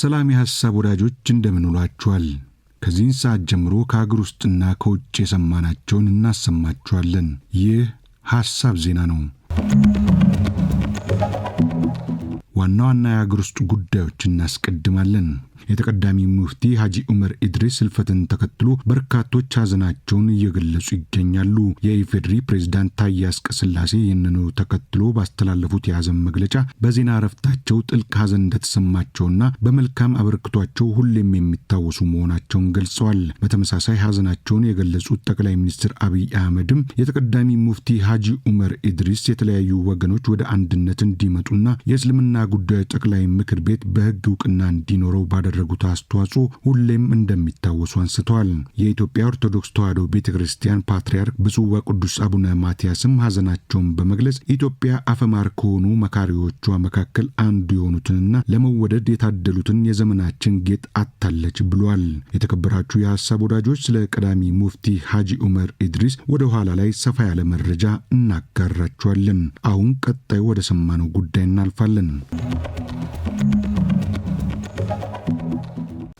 ሰላም የሐሳብ ወዳጆች እንደምንውላችኋል። ከዚህን ሰዓት ጀምሮ ከአገር ውስጥና ከውጭ የሰማናቸውን እናሰማችኋለን። ይህ ሐሳብ ዜና ነው። ዋና ዋና የአገር ውስጥ ጉዳዮች እናስቀድማለን። የተቀዳሚ ሙፍቲ ሀጂ ዑመር ኢድሪስ ህልፈትን ተከትሎ በርካቶች ሀዘናቸውን እየገለጹ ይገኛሉ። የኢፌድሪ ፕሬዝዳንት ታዬ አጽቀሥላሴ ይህንኑ ተከትሎ ባስተላለፉት የሀዘን መግለጫ በዜና እረፍታቸው ጥልቅ ሀዘን እንደተሰማቸውና በመልካም አበርክቷቸው ሁሌም የሚታወሱ መሆናቸውን ገልጸዋል። በተመሳሳይ ሀዘናቸውን የገለጹት ጠቅላይ ሚኒስትር አብይ አህመድም የተቀዳሚ ሙፍቲ ሀጂ ዑመር ኢድሪስ የተለያዩ ወገኖች ወደ አንድነት እንዲመጡና የእስልምና ጉዳዮች ጠቅላይ ምክር ቤት በህግ እውቅና እንዲኖረው ባደረጉት አስተዋጽኦ ሁሌም እንደሚታወሱ አንስተዋል። የኢትዮጵያ ኦርቶዶክስ ተዋሕዶ ቤተ ክርስቲያን ፓትርያርክ ብፁዕ ወቅዱስ አቡነ ማትያስም ሐዘናቸውን በመግለጽ ኢትዮጵያ አፈማር ከሆኑ መካሪዎቿ መካከል አንዱ የሆኑትንና ለመወደድ የታደሉትን የዘመናችን ጌጥ አታለች ብሏል። የተከበራችሁ የሐሳብ ወዳጆች ስለ ቀዳሚ ሙፍቲ ሐጂ ዑመር ኢድሪስ ወደ ኋላ ላይ ሰፋ ያለ መረጃ እናጋራችኋለን። አሁን ቀጣዩ ወደ ሰማነው ጉዳይ እናልፋለን።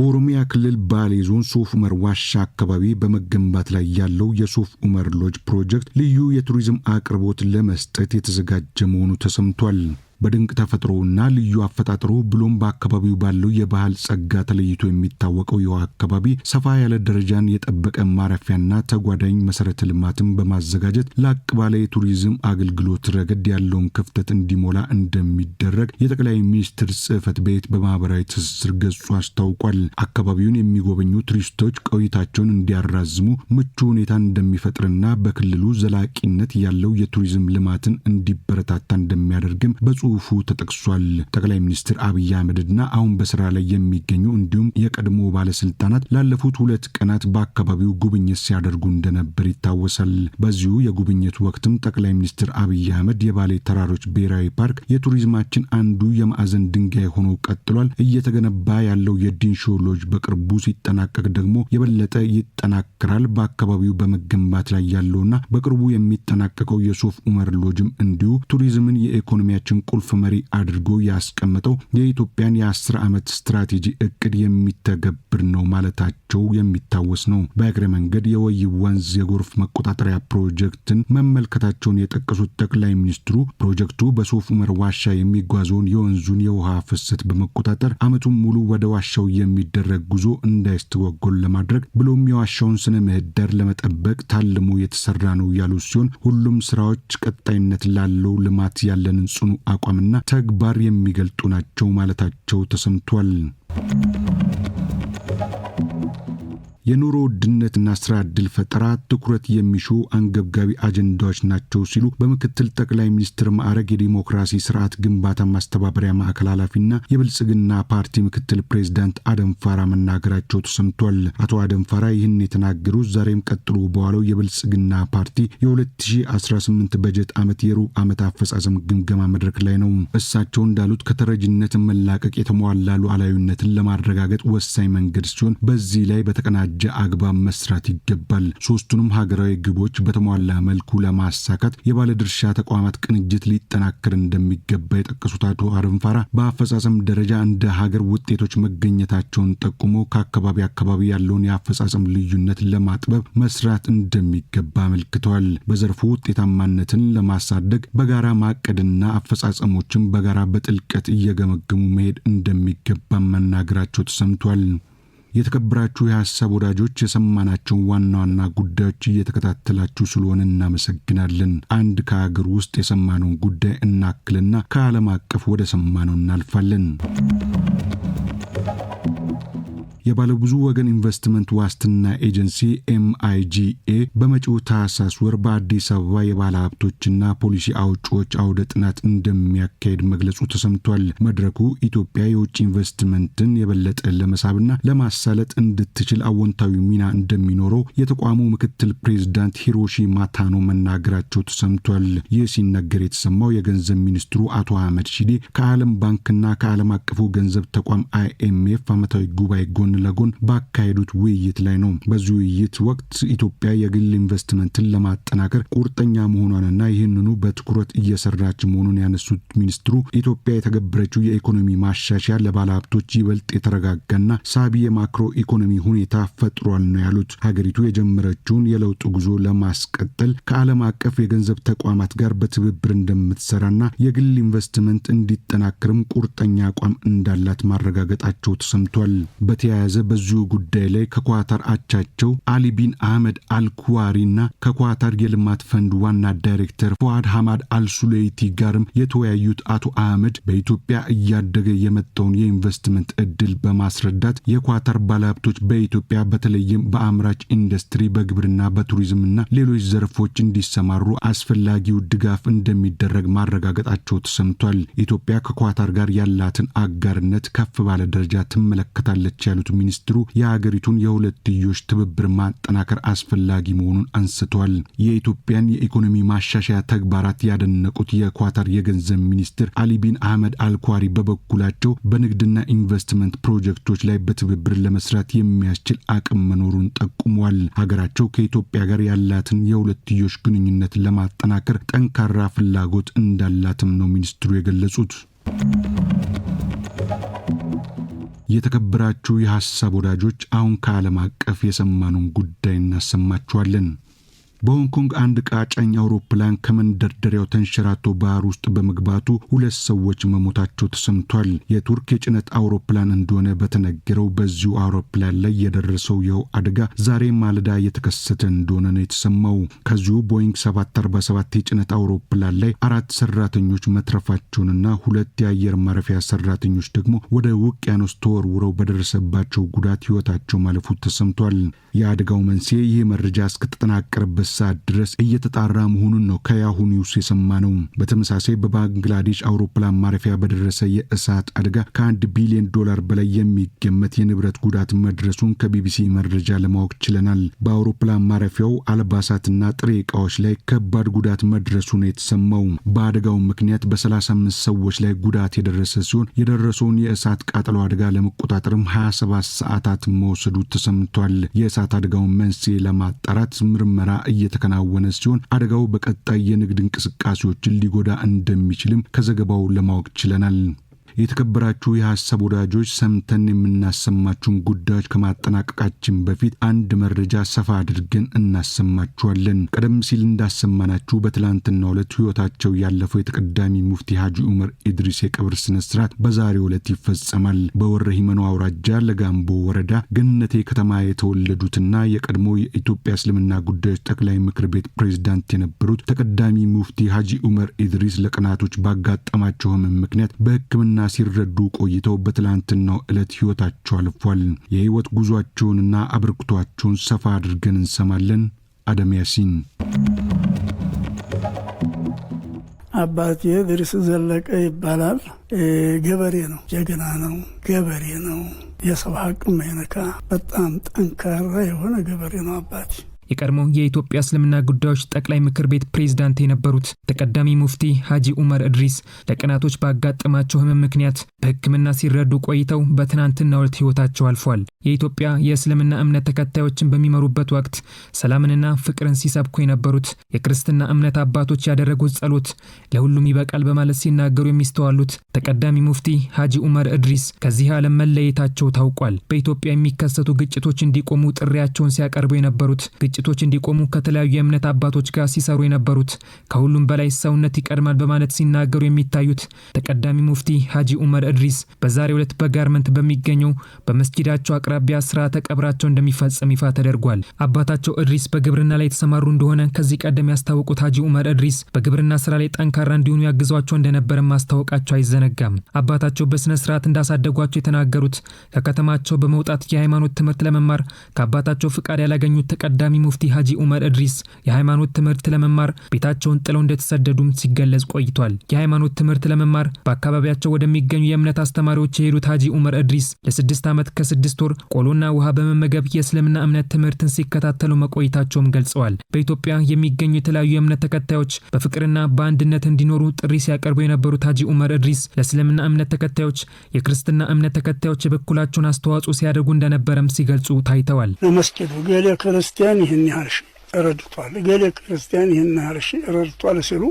በኦሮሚያ ክልል ባሌ ዞን ሶፍ ዑመር ዋሻ አካባቢ በመገንባት ላይ ያለው የሶፍ ዑመር ሎጅ ፕሮጀክት ልዩ የቱሪዝም አቅርቦት ለመስጠት የተዘጋጀ መሆኑ ተሰምቷል። በድንቅ ተፈጥሮውና ልዩ አፈጣጠሩ ብሎም በአካባቢው ባለው የባህል ጸጋ ተለይቶ የሚታወቀው የውሃ አካባቢ ሰፋ ያለ ደረጃን የጠበቀ ማረፊያና ተጓዳኝ መሰረተ ልማትን በማዘጋጀት ላቅ ባለ የቱሪዝም አገልግሎት ረገድ ያለውን ክፍተት እንዲሞላ እንደሚደረግ የጠቅላይ ሚኒስትር ጽህፈት ቤት በማህበራዊ ትስስር ገጹ አስታውቋል። አካባቢውን የሚጎበኙ ቱሪስቶች ቆይታቸውን እንዲያራዝሙ ምቹ ሁኔታ እንደሚፈጥርና በክልሉ ዘላቂነት ያለው የቱሪዝም ልማትን እንዲበረታታ እንደሚያደርግም በጽሁ በጽሁፉ ተጠቅሷል። ጠቅላይ ሚኒስትር አብይ አህመድና አሁን በስራ ላይ የሚገኙ እንዲሁም የቀድሞ ባለስልጣናት ላለፉት ሁለት ቀናት በአካባቢው ጉብኝት ሲያደርጉ እንደነበር ይታወሳል። በዚሁ የጉብኝት ወቅትም ጠቅላይ ሚኒስትር አብይ አህመድ የባሌ ተራሮች ብሔራዊ ፓርክ የቱሪዝማችን አንዱ የማዕዘን ድንጋይ ሆኖ ቀጥሏል፣ እየተገነባ ያለው የዲንሾ ሎጅ በቅርቡ ሲጠናቀቅ ደግሞ የበለጠ ይጠናከራል፣ በአካባቢው በመገንባት ላይ ያለውና በቅርቡ የሚጠናቀቀው የሶፍ ኡመር ሎጅም እንዲሁ ቱሪዝምን የኢኮኖሚያችን ቁል ቁልፍ መሪ አድርጎ ያስቀመጠው የኢትዮጵያን የአስር ዓመት ስትራቴጂ እቅድ የሚተገብር ነው ማለታቸው የሚታወስ ነው። በእግረ መንገድ የወይብ ወንዝ የጎርፍ መቆጣጠሪያ ፕሮጀክትን መመልከታቸውን የጠቀሱት ጠቅላይ ሚኒስትሩ ፕሮጀክቱ በሶፍ ዑመር ዋሻ የሚጓዘውን የወንዙን የውሃ ፍሰት በመቆጣጠር ዓመቱን ሙሉ ወደ ዋሻው የሚደረግ ጉዞ እንዳይስተጓጎል ለማድረግ ብሎም የዋሻውን ስነ ምህዳር ለመጠበቅ ታልሞ የተሰራ ነው ያሉ ሲሆን ሁሉም ስራዎች ቀጣይነት ላለው ልማት ያለንን ጽኑ አቋም አቋምና ተግባር የሚገልጡ ናቸው ማለታቸው ተሰምቷል። የኑሮ ውድነትና ስራ ዕድል ፈጠራ ትኩረት የሚሹ አንገብጋቢ አጀንዳዎች ናቸው ሲሉ በምክትል ጠቅላይ ሚኒስትር ማዕረግ የዲሞክራሲ ስርዓት ግንባታ ማስተባበሪያ ማዕከል ኃላፊና የብልጽግና ፓርቲ ምክትል ፕሬዚዳንት አደም ፋራ መናገራቸው ተሰምቷል። አቶ አደም ፋራ ይህን የተናገሩት ዛሬም ቀጥሎ በዋለው የብልጽግና ፓርቲ የ2018 በጀት ዓመት የሩብ ዓመት አፈጻጸም ግምገማ መድረክ ላይ ነው። እሳቸው እንዳሉት ከተረጅነት መላቀቅ የተሟላ ሉዓላዊነትን ለማረጋገጥ ወሳኝ መንገድ ሲሆን በዚህ ላይ በተቀናጀ በተደራጀ አግባብ መስራት ይገባል። ሶስቱንም ሀገራዊ ግቦች በተሟላ መልኩ ለማሳካት የባለድርሻ ተቋማት ቅንጅት ሊጠናከር እንደሚገባ የጠቀሱት አቶ አረንፋራ በአፈጻጸም ደረጃ እንደ ሀገር ውጤቶች መገኘታቸውን ጠቁሞ ከአካባቢ አካባቢ ያለውን የአፈጻጸም ልዩነት ለማጥበብ መስራት እንደሚገባ አመልክተዋል። በዘርፉ ውጤታማነትን ለማሳደግ በጋራ ማቀድና አፈጻጸሞችን በጋራ በጥልቀት እየገመገሙ መሄድ እንደሚገባ መናገራቸው ተሰምቷል። የተከበራችሁ የሐሳብ ወዳጆች የሰማናቸውን ዋና ዋና ጉዳዮች እየተከታተላችሁ ስለሆነ እናመሰግናለን። አንድ ከሀገር ውስጥ የሰማነውን ጉዳይ እናክልና ከዓለም አቀፍ ወደ ሰማነው እናልፋለን። የባለብዙ ወገን ኢንቨስትመንት ዋስትና ኤጀንሲ ኤምአይጂኤ በመጪው ታህሳስ ወር በአዲስ አበባ የባለ ሀብቶችና ፖሊሲ አውጪዎች አውደ ጥናት እንደሚያካሄድ መግለጹ ተሰምቷል። መድረኩ ኢትዮጵያ የውጭ ኢንቨስትመንትን የበለጠ ለመሳብና ለማሳለጥ እንድትችል አዎንታዊ ሚና እንደሚኖረው የተቋሙ ምክትል ፕሬዚዳንት ሂሮሺ ማታኖ መናገራቸው ተሰምቷል። ይህ ሲነገር የተሰማው የገንዘብ ሚኒስትሩ አቶ አህመድ ሺዴ ከዓለም ባንክና ከዓለም አቀፉ ገንዘብ ተቋም አይኤምኤፍ ዓመታዊ ጉባኤ ጎን ለጎን ባካሄዱት ውይይት ላይ ነው። በዚህ ውይይት ወቅት ኢትዮጵያ የግል ኢንቨስትመንትን ለማጠናከር ቁርጠኛ መሆኗንና ይህንኑ በትኩረት እየሰራች መሆኑን ያነሱት ሚኒስትሩ ኢትዮጵያ የተገበረችው የኢኮኖሚ ማሻሻያ ለባለሀብቶች ይበልጥ የተረጋጋና ሳቢ የማክሮ ኢኮኖሚ ሁኔታ ፈጥሯል ነው ያሉት። ሀገሪቱ የጀመረችውን የለውጥ ጉዞ ለማስቀጠል ከዓለም አቀፍ የገንዘብ ተቋማት ጋር በትብብር እንደምትሰራና የግል ኢንቨስትመንት እንዲጠናከርም ቁርጠኛ አቋም እንዳላት ማረጋገጣቸው ተሰምቷል። በተያ በተያያዘ በዚሁ ጉዳይ ላይ ከኳታር አቻቸው አሊ ቢን አህመድ አልኩዋሪና ከኳታር የልማት ፈንድ ዋና ዳይሬክተር ፉአድ ሐማድ አልሱሌይቲ ጋርም የተወያዩት አቶ አህመድ በኢትዮጵያ እያደገ የመጣውን የኢንቨስትመንት እድል በማስረዳት የኳታር ባለሀብቶች በኢትዮጵያ በተለይም በአምራች ኢንዱስትሪ፣ በግብርና፣ በቱሪዝምና ሌሎች ዘርፎች እንዲሰማሩ አስፈላጊው ድጋፍ እንደሚደረግ ማረጋገጣቸው ተሰምቷል። ኢትዮጵያ ከኳታር ጋር ያላትን አጋርነት ከፍ ባለ ደረጃ ትመለከታለች ያሉት ሚኒስትሩ የሀገሪቱን የሁለትዮሽ ትብብር ማጠናከር አስፈላጊ መሆኑን አንስተዋል። የኢትዮጵያን የኢኮኖሚ ማሻሻያ ተግባራት ያደነቁት የኳታር የገንዘብ ሚኒስትር አሊ ቢን አህመድ አልኳሪ በበኩላቸው በንግድና ኢንቨስትመንት ፕሮጀክቶች ላይ በትብብር ለመስራት የሚያስችል አቅም መኖሩን ጠቁመዋል። ሀገራቸው ከኢትዮጵያ ጋር ያላትን የሁለትዮሽ ግንኙነት ለማጠናከር ጠንካራ ፍላጎት እንዳላትም ነው ሚኒስትሩ የገለጹት። የተከበራችሁ የሐሳብ ወዳጆች አሁን ከዓለም አቀፍ የሰማነውን ጉዳይ እናሰማችኋለን። በሆንግ ኮንግ አንድ ቃጫኝ አውሮፕላን ከመንደርደሪያው ተንሸራቶ ባህር ውስጥ በመግባቱ ሁለት ሰዎች መሞታቸው ተሰምቷል። የቱርክ የጭነት አውሮፕላን እንደሆነ በተነገረው በዚሁ አውሮፕላን ላይ የደረሰው ይኸው አደጋ ዛሬ ማለዳ የተከሰተ እንደሆነ ነው የተሰማው። ከዚሁ ቦይንግ 747 የጭነት አውሮፕላን ላይ አራት ሰራተኞች መትረፋቸውንና ሁለት የአየር ማረፊያ ሰራተኞች ደግሞ ወደ ውቅያኖስ ተወርውረው በደረሰባቸው ጉዳት ሕይወታቸው ማለፉ ተሰምቷል። የአደጋው መንስኤ ይህ መረጃ እስከተጠናቀረበት ሰዓት ድረስ እየተጣራ መሆኑን ነው ከያሁ ኒውስ ነው። በተመሳሳይ በባንግላዴሽ አውሮፕላን ማረፊያ በደረሰ የእሳት አደጋ ከአንድ ቢሊዮን ዶላር በላይ የሚገመት የንብረት ጉዳት መድረሱን ከቢቢሲ መረጃ ለማወቅ ችለናል። በአውሮፕላን ማረፊያው አልባሳትና ጥሬ እቃዎች ላይ ከባድ ጉዳት መድረሱ ነው የተሰማው። በአደጋው ምክንያት በ35 ሰዎች ላይ ጉዳት የደረሰ ሲሆን የደረሰውን የእሳት ቃጠሎ አደጋ ለመቆጣጠርም 27 ሰዓታት መውሰዱ ተሰምቷል። የእሳት አደጋውን መንስኤ ለማጣራት ምርመራ እየተከናወነ ሲሆን አደጋው በቀጣይ የንግድ እንቅስቃሴዎችን ሊጎዳ እንደሚችልም ከዘገባው ለማወቅ ችለናል። የተከበራችሁ የሐሳብ ወዳጆች ሰምተን የምናሰማችሁን ጉዳዮች ከማጠናቀቃችን በፊት አንድ መረጃ ሰፋ አድርገን እናሰማችኋለን። ቀደም ሲል እንዳሰማናችሁ በትላንትና ዕለት ሕይወታቸው ያለፈው የተቀዳሚ ሙፍቲ ሐጂ ዑመር ኢድሪስ የቀብር ስነ ስርዓት በዛሬ ዕለት ይፈጸማል። በወረ ሂመኖ አውራጃ ለጋምቦ ወረዳ ገነቴ ከተማ የተወለዱትና የቀድሞ የኢትዮጵያ እስልምና ጉዳዮች ጠቅላይ ምክር ቤት ፕሬዝዳንት የነበሩት ተቀዳሚ ሙፍቲ ሐጂ ዑመር ኢድሪስ ለቀናቶች ባጋጠማቸው ምክንያት በሕክምና ሲረዱ ቆይተው በትላንትናው ዕለት ሕይወታቸው አልፏል። የሕይወት ጉዟቸውንና አበርክቷቸውን ሰፋ አድርገን እንሰማለን። አደም ያሲን አባቴ ድርስ ዘለቀ ይባላል። ገበሬ ነው። ጀግና ነው። ገበሬ ነው። የሰው ሀቅም ማይነካ በጣም ጠንካራ የሆነ ገበሬ ነው አባቴ የቀድሞ የኢትዮጵያ እስልምና ጉዳዮች ጠቅላይ ምክር ቤት ፕሬዝዳንት የነበሩት ተቀዳሚ ሙፍቲ ሀጂ ኡመር እድሪስ ለቀናቶች ባጋጠማቸው ህመም ምክንያት በሕክምና ሲረዱ ቆይተው በትናንትናው ዕለት ህይወታቸው አልፏል። የኢትዮጵያ የእስልምና እምነት ተከታዮችን በሚመሩበት ወቅት ሰላምንና ፍቅርን ሲሰብኩ የነበሩት የክርስትና እምነት አባቶች ያደረጉት ጸሎት ለሁሉም ይበቃል በማለት ሲናገሩ የሚስተዋሉት ተቀዳሚ ሙፍቲ ሀጂ ኡመር እድሪስ ከዚህ ዓለም መለየታቸው ታውቋል። በኢትዮጵያ የሚከሰቱ ግጭቶች እንዲቆሙ ጥሪያቸውን ሲያቀርቡ የነበሩት ግጭ ግጭቶች እንዲቆሙ ከተለያዩ የእምነት አባቶች ጋር ሲሰሩ የነበሩት ከሁሉም በላይ ሰውነት ይቀድማል በማለት ሲናገሩ የሚታዩት ተቀዳሚ ሙፍቲ ሀጂ ኡመር እድሪስ በዛሬ ዕለት በጋርመንት በሚገኘው በመስጊዳቸው አቅራቢያ ስርዓተ ቀብራቸው እንደሚፈጸም ይፋ ተደርጓል። አባታቸው እድሪስ በግብርና ላይ የተሰማሩ እንደሆነ ከዚህ ቀደም ያስታወቁት ሀጂ ኡመር እድሪስ በግብርና ስራ ላይ ጠንካራ እንዲሆኑ ያግዟቸው እንደነበረ ማስታወቃቸው አይዘነጋም። አባታቸው በስነ ስርዓት እንዳሳደጓቸው የተናገሩት ከከተማቸው በመውጣት የሃይማኖት ትምህርት ለመማር ከአባታቸው ፍቃድ ያላገኙት ተቀዳሚ ሙፍቲ ሀጂ ኡመር እድሪስ የሃይማኖት ትምህርት ለመማር ቤታቸውን ጥለው እንደተሰደዱም ሲገለጽ ቆይቷል። የሃይማኖት ትምህርት ለመማር በአካባቢያቸው ወደሚገኙ የእምነት አስተማሪዎች የሄዱት ሀጂ ኡመር እድሪስ ለስድስት ዓመት ከስድስት ወር ቆሎና ውሃ በመመገብ የእስልምና እምነት ትምህርትን ሲከታተሉ መቆይታቸውም ገልጸዋል። በኢትዮጵያ የሚገኙ የተለያዩ የእምነት ተከታዮች በፍቅርና በአንድነት እንዲኖሩ ጥሪ ሲያቀርቡ የነበሩት ሀጂ ኡመር እድሪስ ለእስልምና እምነት ተከታዮች የክርስትና እምነት ተከታዮች የበኩላቸውን አስተዋጽኦ ሲያደርጉ እንደነበረም ሲገልጹ ታይተዋል። መስጊዱ ገሌ ክርስቲያን ይህን ይህን ያህል ረድቷል፣ እገሌ ክርስቲያን ይህን ያህል ረድቷል ሲሉ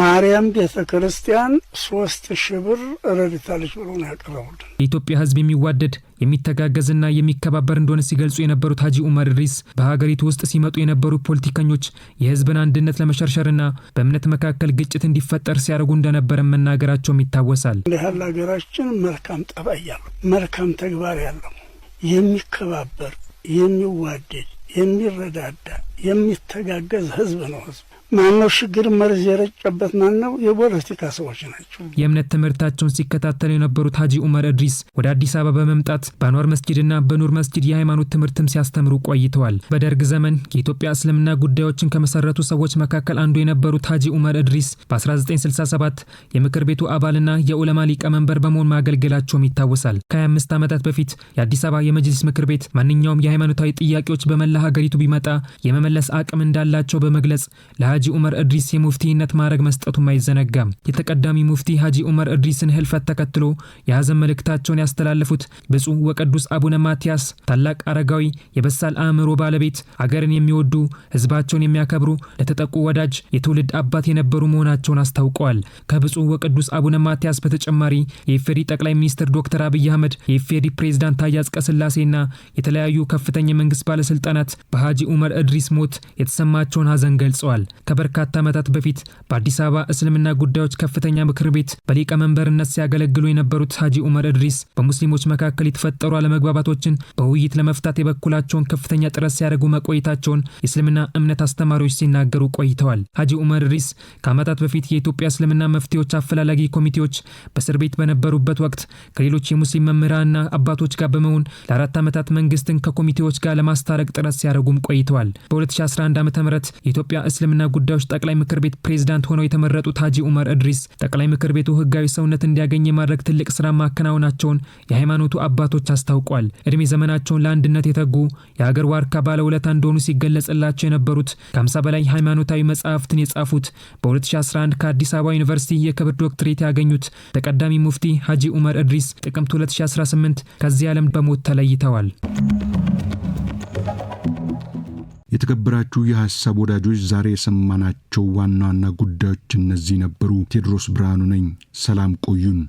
ማርያም ቤተ ክርስቲያን ሶስት ሺህ ብር ረድታለች ብሎ ነው ያቀረቡልን። የኢትዮጵያ ሕዝብ የሚዋደድ የሚተጋገዝና የሚከባበር እንደሆነ ሲገልጹ የነበሩት ሀጂ ኡመር እድሪስ በሀገሪቱ ውስጥ ሲመጡ የነበሩ ፖለቲከኞች የህዝብን አንድነት ለመሸርሸርና በእምነት መካከል ግጭት እንዲፈጠር ሲያደርጉ እንደነበረ መናገራቸውም ይታወሳል። እንደ ያለ ሀገራችን መልካም ጠባይ ያለው መልካም ተግባር ያለው የሚከባበር የሚዋደድ የሚረዳዳ የሚተጋገዝ ህዝብ ነው ህዝብ ማነው ሽግር መርዝ የረጨበት ማነው? የፖለቲካ ሰዎች ናቸው። የእምነት ትምህርታቸውን ሲከታተሉ የነበሩት ሀጂ ኡመር እድሪስ ወደ አዲስ አበባ በመምጣት በአንዋር መስጊድና በኑር መስጊድ የሃይማኖት ትምህርትም ሲያስተምሩ ቆይተዋል። በደርግ ዘመን የኢትዮጵያ እስልምና ጉዳዮችን ከመሰረቱ ሰዎች መካከል አንዱ የነበሩት ሀጂ ኡመር እድሪስ በ1967 የምክር ቤቱ አባልና የዑለማ ሊቀመንበር በመሆን ማገልገላቸውም ይታወሳል። ከ25 ዓመታት በፊት የአዲስ አበባ የመጅሊስ ምክር ቤት ማንኛውም የሃይማኖታዊ ጥያቄዎች በመላ ሀገሪቱ ቢመጣ የመመ የመመለስ አቅም እንዳላቸው በመግለጽ ለሀጂ ዑመር እድሪስ የሙፍቲነት ማዕረግ መስጠቱም አይዘነጋም። የተቀዳሚ ሙፍቲ ሀጂ ዑመር እድሪስን ህልፈት ተከትሎ የሐዘን መልእክታቸውን ያስተላለፉት ብፁዕ ወቅዱስ አቡነ ማትያስ ታላቅ አረጋዊ፣ የበሳል አእምሮ ባለቤት፣ አገርን የሚወዱ ህዝባቸውን የሚያከብሩ፣ ለተጠቁ ወዳጅ፣ የትውልድ አባት የነበሩ መሆናቸውን አስታውቀዋል። ከብፁዕ ወቅዱስ አቡነ ማትያስ በተጨማሪ የኢፌዴሪ ጠቅላይ ሚኒስትር ዶክተር አብይ አህመድ የኢፌዴሪ ፕሬዝዳንት ታዬ አጽቀሥላሴና የተለያዩ ከፍተኛ የመንግስት ባለስልጣናት በሀጂ ዑመር እድሪስ ሞት የተሰማቸውን ሀዘን ገልጸዋል። ከበርካታ ዓመታት በፊት በአዲስ አበባ እስልምና ጉዳዮች ከፍተኛ ምክር ቤት በሊቀመንበርነት ሲያገለግሉ የነበሩት ሀጂ ኡመር እድሪስ በሙስሊሞች መካከል የተፈጠሩ አለመግባባቶችን በውይይት ለመፍታት የበኩላቸውን ከፍተኛ ጥረት ሲያደርጉ መቆየታቸውን የእስልምና እምነት አስተማሪዎች ሲናገሩ ቆይተዋል። ሀጂ ኡመር እድሪስ ከዓመታት በፊት የኢትዮጵያ እስልምና መፍትሄዎች አፈላላጊ ኮሚቴዎች በእስር ቤት በነበሩበት ወቅት ከሌሎች የሙስሊም መምህራንና አባቶች ጋር በመሆን ለአራት ዓመታት መንግስትን ከኮሚቴዎች ጋር ለማስታረቅ ጥረት ሲያደርጉም ቆይተዋል። 2011 ዓ ም የኢትዮጵያ እስልምና ጉዳዮች ጠቅላይ ምክር ቤት ፕሬዝዳንት ሆነው የተመረጡት ሀጂ ዑመር እድሪስ ጠቅላይ ምክር ቤቱ ህጋዊ ሰውነት እንዲያገኝ የማድረግ ትልቅ ስራ ማከናወናቸውን የሃይማኖቱ አባቶች አስታውቋል። እድሜ ዘመናቸውን ለአንድነት የተጉ የሀገር ዋርካ ባለውለታ እንደሆኑ ሲገለጽላቸው የነበሩት ከ50 በላይ ሃይማኖታዊ መጽሐፍትን የጻፉት በ2011 ከአዲስ አበባ ዩኒቨርሲቲ የክብር ዶክትሬት ያገኙት ተቀዳሚ ሙፍቲ ሀጂ ዑመር እድሪስ ጥቅምት 2018 ከዚህ ዓለም በሞት ተለይተዋል። የተከበራችሁ የሐሳብ ወዳጆች፣ ዛሬ የሰማናቸው ዋና ዋና ጉዳዮች እነዚህ ነበሩ። ቴድሮስ ብርሃኑ ነኝ። ሰላም ቆዩን።